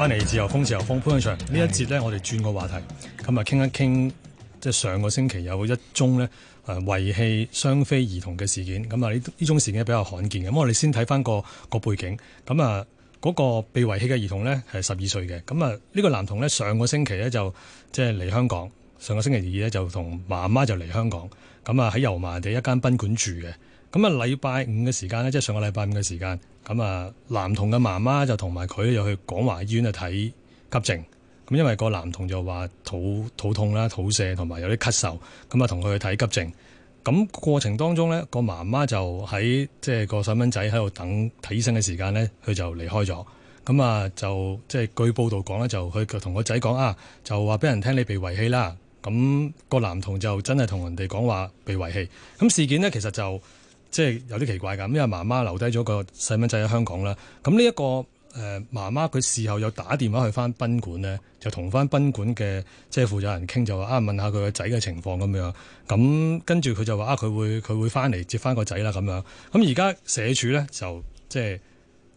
翻嚟自由風，自由風，潘永祥呢一節咧，我哋轉個話題，咁啊傾一傾，即係上個星期有一宗咧誒遺棄雙非兒童嘅事件。咁啊，呢呢種事件比較罕見嘅。咁我哋先睇翻個個背景。咁啊，嗰個被遺棄嘅兒童咧係十二歲嘅。咁啊，呢個男童咧上個星期咧就即係嚟香港，上個星期二咧就同媽媽就嚟香港。咁啊，喺油麻地一間賓館住嘅。咁啊，禮拜五嘅時間咧，即係上個禮拜五嘅時間，咁啊，男童嘅媽媽就同埋佢又去廣華醫院去睇急症。咁因為個男童就話肚肚痛啦、肚瀉同埋有啲咳嗽，咁啊，同佢去睇急症。咁過程當中咧，個媽媽就喺即係個細蚊仔喺度等睇醫生嘅時間咧，佢就離開咗。咁啊，就即係據報道講咧，就佢同個仔講啊，就話俾人聽你被遺棄啦。咁個男童就真係同人哋講話被遺棄。咁事件咧，其實就～即係有啲奇怪噶，因為媽媽留低咗個細蚊仔喺香港啦。咁呢一個誒媽媽佢事後又打電話去翻賓館咧，就同翻賓館嘅即係負責人傾，就話啊問下佢個仔嘅情況咁樣。咁跟住佢就話啊，佢會佢會翻嚟接翻個仔啦咁樣。咁而家社署咧就即係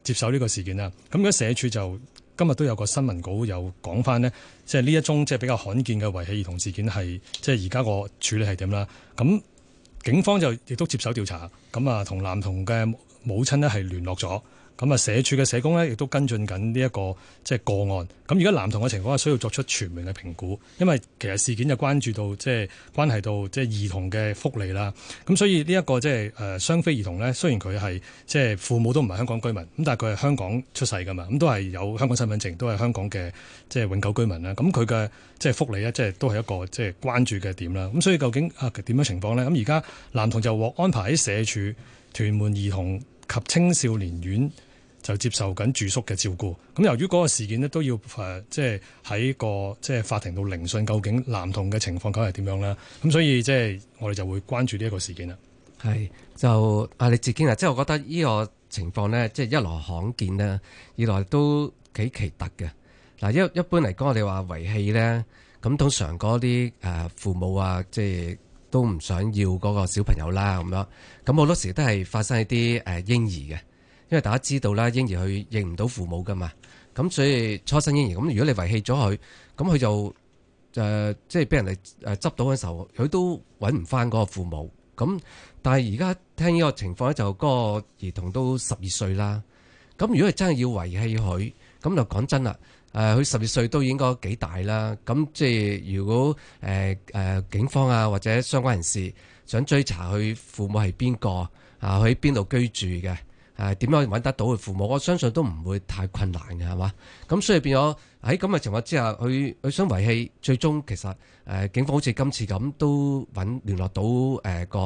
接受呢個事件啦。咁而家社署就今日都有個新聞稿又講翻呢，即係呢一宗即係比較罕見嘅遺棄兒童事件係即係而家個處理係點啦。咁警方就亦都接手調查，咁啊同男童嘅母親咧，係聯絡咗。咁啊，社署嘅社工咧，亦都跟進緊呢一個即係個案。咁而家男童嘅情況啊，需要作出全面嘅評估，因為其實事件就關注到即係關係到即係兒童嘅福利啦。咁所以呢一個即係誒雙非兒童咧，雖然佢係即係父母都唔係香港居民，咁但係佢係香港出世㗎嘛，咁都係有香港身份證，都係香港嘅即係永久居民啦。咁佢嘅即係福利咧，即係都係一個即係關注嘅點啦。咁所以究竟啊點樣情況呢？咁而家男童就獲安排喺社署屯門兒童及青少年院就接受緊住宿嘅照顧。咁由於嗰個事件咧都要誒，即係喺個即係法庭度聆訊，究竟男童嘅情況究竟係點樣咧？咁所以即係我哋就會關注呢一個事件啦。係就啊李志堅啊，即係我覺得呢個情況呢，即係一來罕見啦，二來都幾奇特嘅。嗱一一般嚟講，我哋話遺棄呢，咁通常嗰啲誒父母啊，即係。都唔想要嗰個小朋友啦，咁樣咁好多時都係發生一啲誒嬰兒嘅，因為大家知道啦，嬰兒佢認唔到父母噶嘛，咁所以初生嬰兒，咁如果你遺棄咗佢，咁佢就誒、呃、即係俾人哋誒執到嗰陣時候，佢都揾唔翻嗰個父母。咁但係而家聽呢個情況咧，就嗰個兒童都十二歲啦。咁如果係真係要遺棄佢，咁就講真啦。誒，佢、呃、十二歲都應該幾大啦。咁、嗯、即係如果誒誒、呃呃、警方啊或者相關人士想追查佢父母係邊個啊，佢喺邊度居住嘅，誒、啊、點樣搵得到佢父母？我相信都唔會太困難嘅，係嘛？咁、嗯、所以變咗喺咁嘅情況之下，佢佢想遺棄，最終其實誒、呃、警方好似今次咁都搵聯絡到誒、呃、個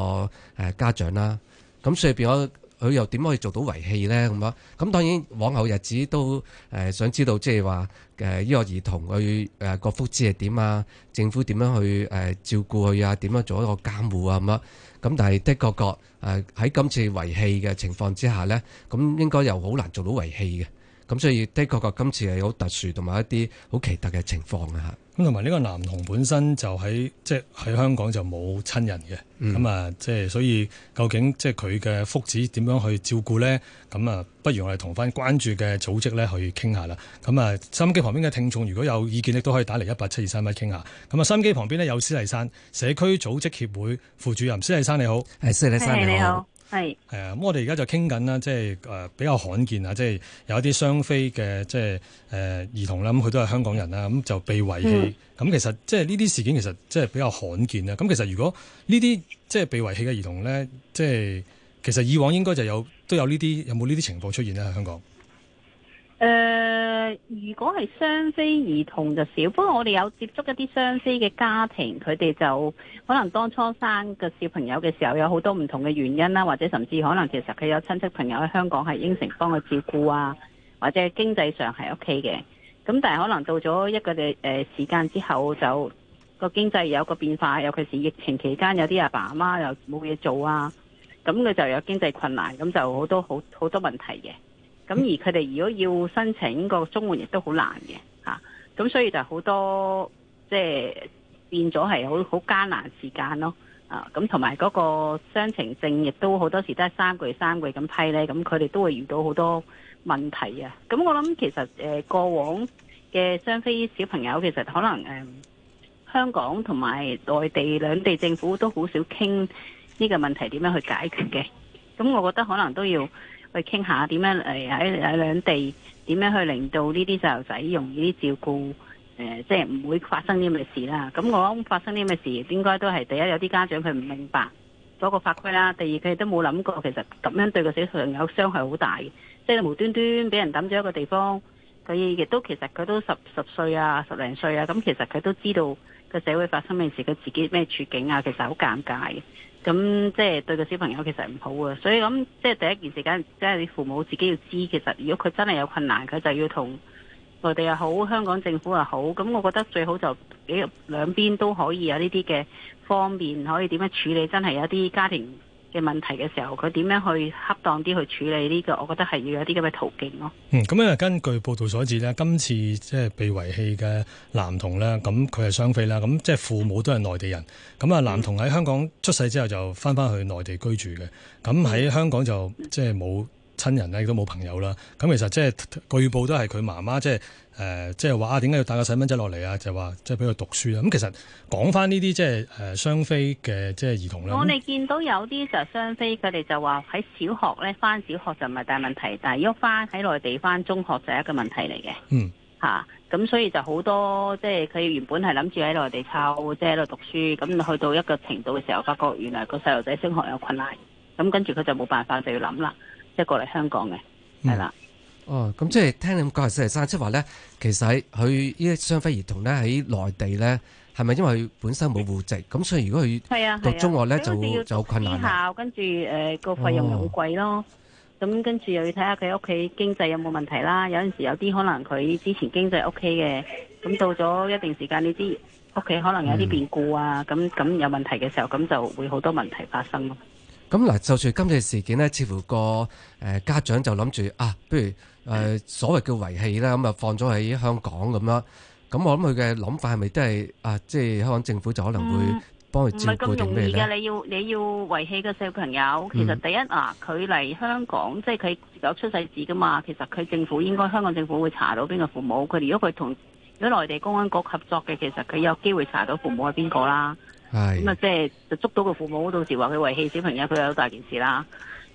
誒家長啦。咁、嗯、所以變咗。佢又點可以做到遺棄呢？咁啊，咁當然往後日子都誒想知道，即係話誒呢個兒童佢誒個福祉係點啊？政府點樣去誒照顧佢啊？點樣做一個監護啊？咁啊，咁但係的確確誒喺今次遺棄嘅情況之下呢，咁應該又好難做到遺棄嘅。咁所以的確確今次係好特殊同埋一啲好奇特嘅情況啊！咁同埋呢個男童本身就喺即喺香港就冇親人嘅，咁啊即係所以究竟即係佢嘅福祉點樣去照顧呢？咁啊，不如我哋同翻關注嘅組織咧去傾下啦。咁啊，收音機旁邊嘅聽眾如果有意見，你都可以打嚟一八七二三一傾下。咁啊，收音機旁邊呢，有施麗珊社區組織協會副主任，施麗珊。你好，誒施麗珊，你好。Hey, hey, 你好。係，係啊、hey. 呃！咁我哋而家就傾緊啦，即係誒比較罕見啊，即係有一啲雙非嘅即係誒兒童啦，咁、oui, 佢都係香港人啦，咁就被遺棄。咁其實即係呢啲事件其實即係比較罕見啊。咁其實如果呢啲即係被遺棄嘅兒童咧，即係其實以往應該就有都有呢啲有冇呢啲情況出現咧喺香港？誒。如果係雙非兒童就少，不過我哋有接觸一啲雙非嘅家庭，佢哋就可能當初生嘅小朋友嘅時候有好多唔同嘅原因啦，或者甚至可能其實佢有親戚朋友喺香港係應承幫佢照顧啊，或者經濟上係 OK 嘅，咁但係可能到咗一個嘅誒時間之後就個經濟有個變化，尤其是疫情期間有啲阿爸阿媽又冇嘢做啊，咁佢就有經濟困難，咁就好多好好多問題嘅。咁而佢哋如果要申請個綜援，亦都好難嘅吓。咁所以就好多即係、就是、變咗係好好艱難時間咯。啊，咁同埋嗰個雙程證亦都好多時都係三個月三個月咁批呢。咁佢哋都會遇到好多問題啊。咁、啊、我諗其實誒、呃、過往嘅雙非小朋友其實可能誒、呃、香港同埋內地兩地政府都好少傾呢個問題點樣去解決嘅。咁、啊、我覺得可能都要去傾下點樣嚟喺喺兩地，點樣去令到呢啲細路仔容易啲照顧誒、呃，即係唔會發生啲咁嘅事啦。咁、嗯、我諗發生啲咁嘅事，應該都係第一有啲家長佢唔明白嗰個法規啦，第二佢哋都冇諗過其實咁樣對個小朋友傷害好大嘅，即係無端端俾人抌咗一個地方，佢亦都其實佢都十十歲啊，十零歲啊，咁、嗯、其實佢都知道個社會發生咩事，佢自己咩處境啊，其實好尷尬嘅。咁即係對個小朋友其實唔好啊，所以咁即係第一件事梗係你父母自己要知。其實如果佢真係有困難，佢就要同內地又好，香港政府又好。咁我覺得最好就幾兩邊都可以有呢啲嘅方面，可以點樣處理，真係有啲家庭嘅問題嘅時候，佢點樣去恰當啲去處理呢、這個？我覺得係要有啲咁嘅途徑咯、啊。嗯，咁因為根據報道所指呢，今次即係被遺棄嘅男童咧，咁佢係雙非啦，咁即係父母都係內地人，咁啊男童喺香港出世之後就翻翻去內地居住嘅，咁喺、嗯、香港就即係冇。親人咧亦都冇朋友啦。咁其實即係據報都係佢媽媽即係誒，即係話點解要帶個細蚊仔落嚟啊？就話即係俾佢讀書啊。咁其實講翻呢啲即係誒雙非嘅即係兒童啦。我哋見到有啲就雙非，佢哋就話喺小學咧，翻小學就唔係大問題，但係喐翻喺內地翻中學就係一個問題嚟嘅。嗯、啊，嚇咁所以就好多即係佢原本係諗住喺內地湊，即係喺度讀書。咁去到一個程度嘅時候，發覺原來個細路仔升學有困難，咁跟住佢就冇辦法就要諗啦。即係過嚟香港嘅，係啦。哦，咁即係聽你咁講係星期三，即係話咧，其實佢呢啲雙非兒童咧喺內地咧，係咪因為本身冇戶籍，咁所以如果佢係啊，讀中學咧就就好困難。分校跟住誒個費用又好貴咯，咁跟住又要睇下佢屋企經濟有冇問題啦。有陣時有啲可能佢之前經濟 OK 嘅，咁到咗一定時間，你知屋企可能有啲變故啊，咁咁有問題嘅時候，咁就會好多問題發生。咁嗱，就住今次事件咧，似乎個誒家長就諗住啊，不如誒所謂叫遺棄啦，咁啊放咗喺香港咁樣。咁我諗佢嘅諗法係咪都係啊？即係香港政府就可能會幫佢照顧定咩咧？唔係咁容易嘅，你要你要遺棄個小朋友。其實第一啊，佢嚟香港，即係佢有出世紙噶嘛。其實佢政府應該香港政府會查到邊個父母。佢如果佢同如果內地公安局合作嘅，其實佢有機會查到父母係邊個啦。係，咁啊是，即係就捉到個父母，到時話佢遺棄小朋友，佢有大件事啦。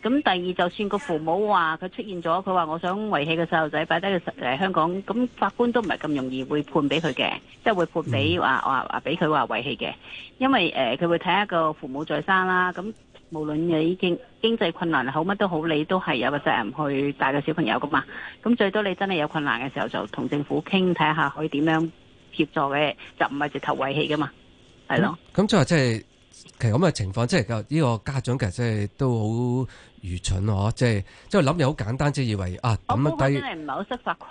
咁第二，就算個父母話佢出現咗，佢話我想遺棄個細路仔，擺低喺誒香港，咁法官都唔係咁容易會判俾佢嘅，即係、嗯、會判俾話話話俾佢話遺棄嘅。因為誒，佢、呃、會睇下個父母在生啦。咁無論你經經濟困難，好乜都好，你都係有個責任去帶個小朋友噶嘛。咁最多你真係有困難嘅時候，就同政府傾，睇下可以點樣協助嘅，就唔係直頭遺棄噶嘛。係咯，咁即係即係，其實咁嘅情況，即係呢個家長其實即係都好愚蠢咯，即係即係諗嘢好簡單，即係以為啊抌低，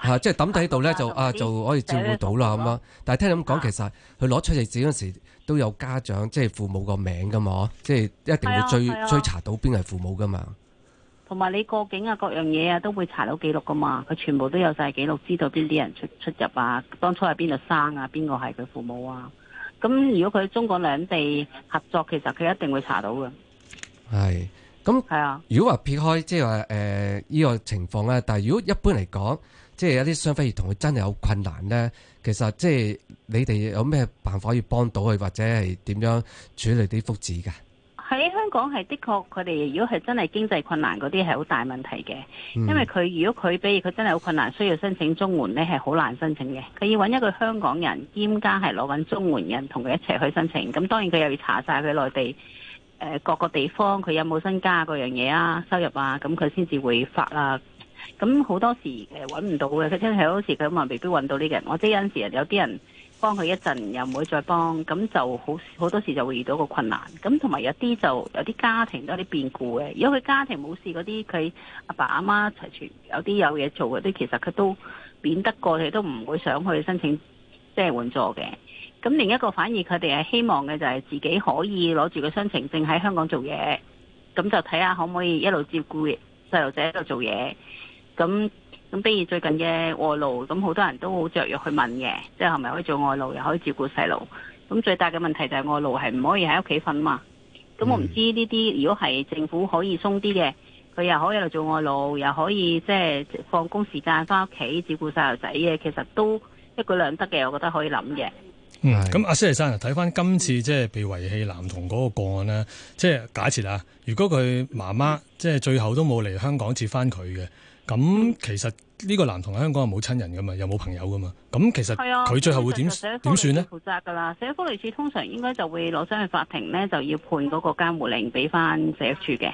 吓即係抌低喺度咧，就，是嗯嗯、就啊、嗯、就可以照顧到啦咁樣。嗯、但係聽你咁講，嗯、其實佢攞出入境嗰時都有家長即係、就是、父母個名噶嘛、啊，即係一定要追、嗯啊啊、追查到邊係父母噶嘛。同埋你過境啊，各樣嘢啊都會查到記錄噶嘛，佢全部都有晒記錄，知道邊啲人出出入啊，當初喺邊度生啊，邊個係佢父母啊。咁如果佢中港兩地合作，其實佢一定會查到嘅。係，咁係啊。如果話撇開即係話誒依個情況咧，但係如果一般嚟講，即係有啲雙非兒童佢真係有困難咧，其實即係你哋有咩辦法可以幫到佢，或者係點樣處理啲福祉㗎？喺香港係的確，佢哋如果係真係經濟困難嗰啲係好大問題嘅，因為佢如果佢比如佢真係好困難，需要申請綜援呢，係好難申請嘅，佢要揾一個香港人兼加係攞揾綜援人同佢一齊去申請，咁當然佢又要查晒佢內地誒、呃、各個地方佢有冇身家嗰樣嘢啊、收入啊，咁佢先至會發啊。咁好多時誒揾唔到嘅，佢真係好多時佢咁啊未必揾到呢個人。我即係有陣時有啲人。幫佢一陣又唔會再幫，咁就好好多時就會遇到個困難。咁同埋有啲就有啲家庭都有啲變故嘅。如果佢家庭冇事，嗰啲佢阿爸阿媽齊全，有啲有嘢做嗰啲，其實佢都免得過，佢都唔會想去申請即係援助嘅。咁另一個反而佢哋係希望嘅就係自己可以攞住個申請證喺香港做嘢，咁就睇下可唔可以一路照顧細路仔喺度做嘢，咁。咁比如最近嘅外勞，咁好多人都好雀躍去問嘅，即係係咪可以做外勞，又可以照顧細路。咁最大嘅問題就係外勞係唔可以喺屋企瞓嘛。咁我唔知呢啲，嗯、如果係政府可以鬆啲嘅，佢又可以做外勞，又可以即係放工時間翻屋企照顧細路仔嘅，其實都一舉兩得嘅，我覺得可以諗嘅、嗯的嗯。嗯，咁阿施麗珊睇翻今次即係被遺棄男童嗰個個案咧，即係假設啊，如果佢媽媽即係最後都冇嚟香港接翻佢嘅。咁、嗯、其實呢個男童喺香港係冇親人噶嘛，又冇朋友噶嘛。咁其實佢、啊、最後會點點算咧？社會福利署負責噶啦。社會福利署通常應該就會攞上去法庭呢，就要判嗰個監護令俾翻社福署嘅。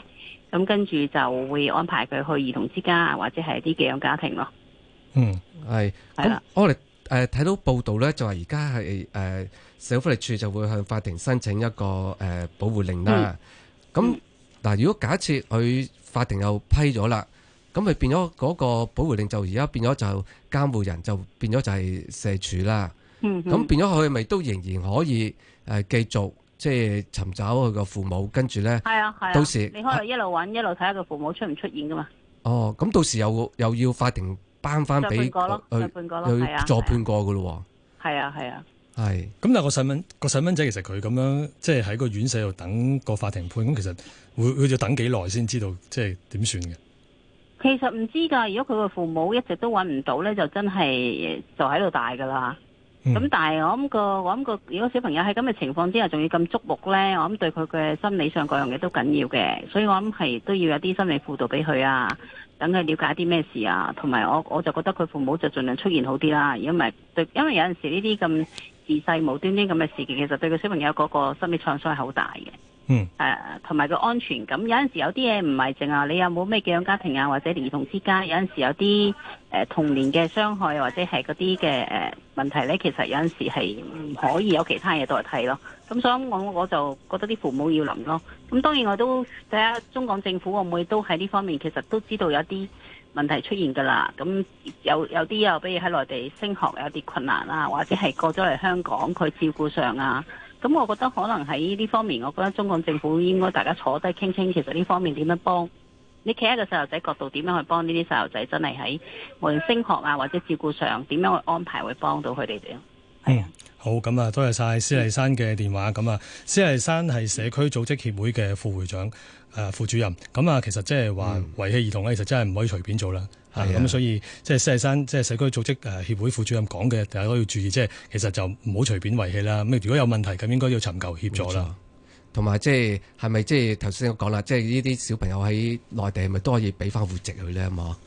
咁跟住就會安排佢去兒童之家或者係啲寄養家庭咯。嗯，係是。咁的我哋誒睇到報道呢，就話而家係誒社會福利署就會向法庭申請一個誒保護令啦。咁嗱、嗯，如果假設佢法庭又批咗啦。咁咪變咗嗰個保護令就而家變咗就監護人就變咗就係社署啦。嗯，咁 變咗佢咪都仍然可以誒繼續即係尋找佢個父母，跟住咧，到時你可以一路揾一路睇下個父母出唔出現噶嘛？哦，咁到時又又要法庭頒翻俾佢判過咯，佢助判過噶咯喎。係啊係啊，係、嗯。咁 是但係、個細蚊個細蚊仔其實佢咁樣即係喺個院舍度等個法庭判，咁其實會會要等幾耐先知道即係點算嘅？其實唔知噶，如果佢個父母一直都揾唔到呢，就真係就喺度大噶啦。咁、嗯、但係我諗個，我諗個，如果小朋友喺咁嘅情況之下，仲要咁觸目呢，我諗對佢嘅心理上各樣嘢都緊要嘅。所以我諗係都要有啲心理輔導畀佢啊，等佢了解啲咩事啊。同埋我我就覺得佢父母就盡量出現好啲啦。如果唔係，對，因為有陣時呢啲咁自細無端端咁嘅事件，其實對佢小朋友嗰個心理創傷係好大嘅。嗯，誒，同埋個安全感，有陣時有啲嘢唔係淨係你有冇咩寄養家庭啊，或者兒童之家，有陣時有啲誒、呃、童年嘅傷害或者係嗰啲嘅誒問題咧，其實有陣時係唔可以有其他嘢代替咯。咁所以我我就覺得啲父母要諗咯。咁當然我都睇下中港政府會唔會都喺呢方面其實都知道有啲問題出現㗎啦。咁有有啲又比如喺內地升學有啲困難啊，或者係過咗嚟香港佢照顧上啊。咁，我覺得可能喺呢方面，我覺得中共政府應該大家坐低傾傾，其實呢方面點樣幫？你企喺個細路仔角度，點樣去幫呢啲細路仔？真係喺外星學啊，或者照顧上，點樣去安排會幫，會幫到佢哋啲？係啊、嗯，好咁啊、嗯，多謝晒施麗珊嘅電話。咁、嗯、啊，施麗珊係社區組織協會嘅副會長、誒、呃、副主任。咁、嗯、啊，其實即係話維護兒童咧，其實真係唔可以隨便做啦。啊，咁、嗯、所以即係施麗珊即係社區組織誒協會副主任講嘅，大家都要注意，即係其實就唔好隨便遺棄啦。咁如果有問題，咁應該要尋求協助啦。同埋即係係咪即係頭先我講啦，即係呢啲小朋友喺內地係咪都可以俾翻戶籍佢咧？咁啊？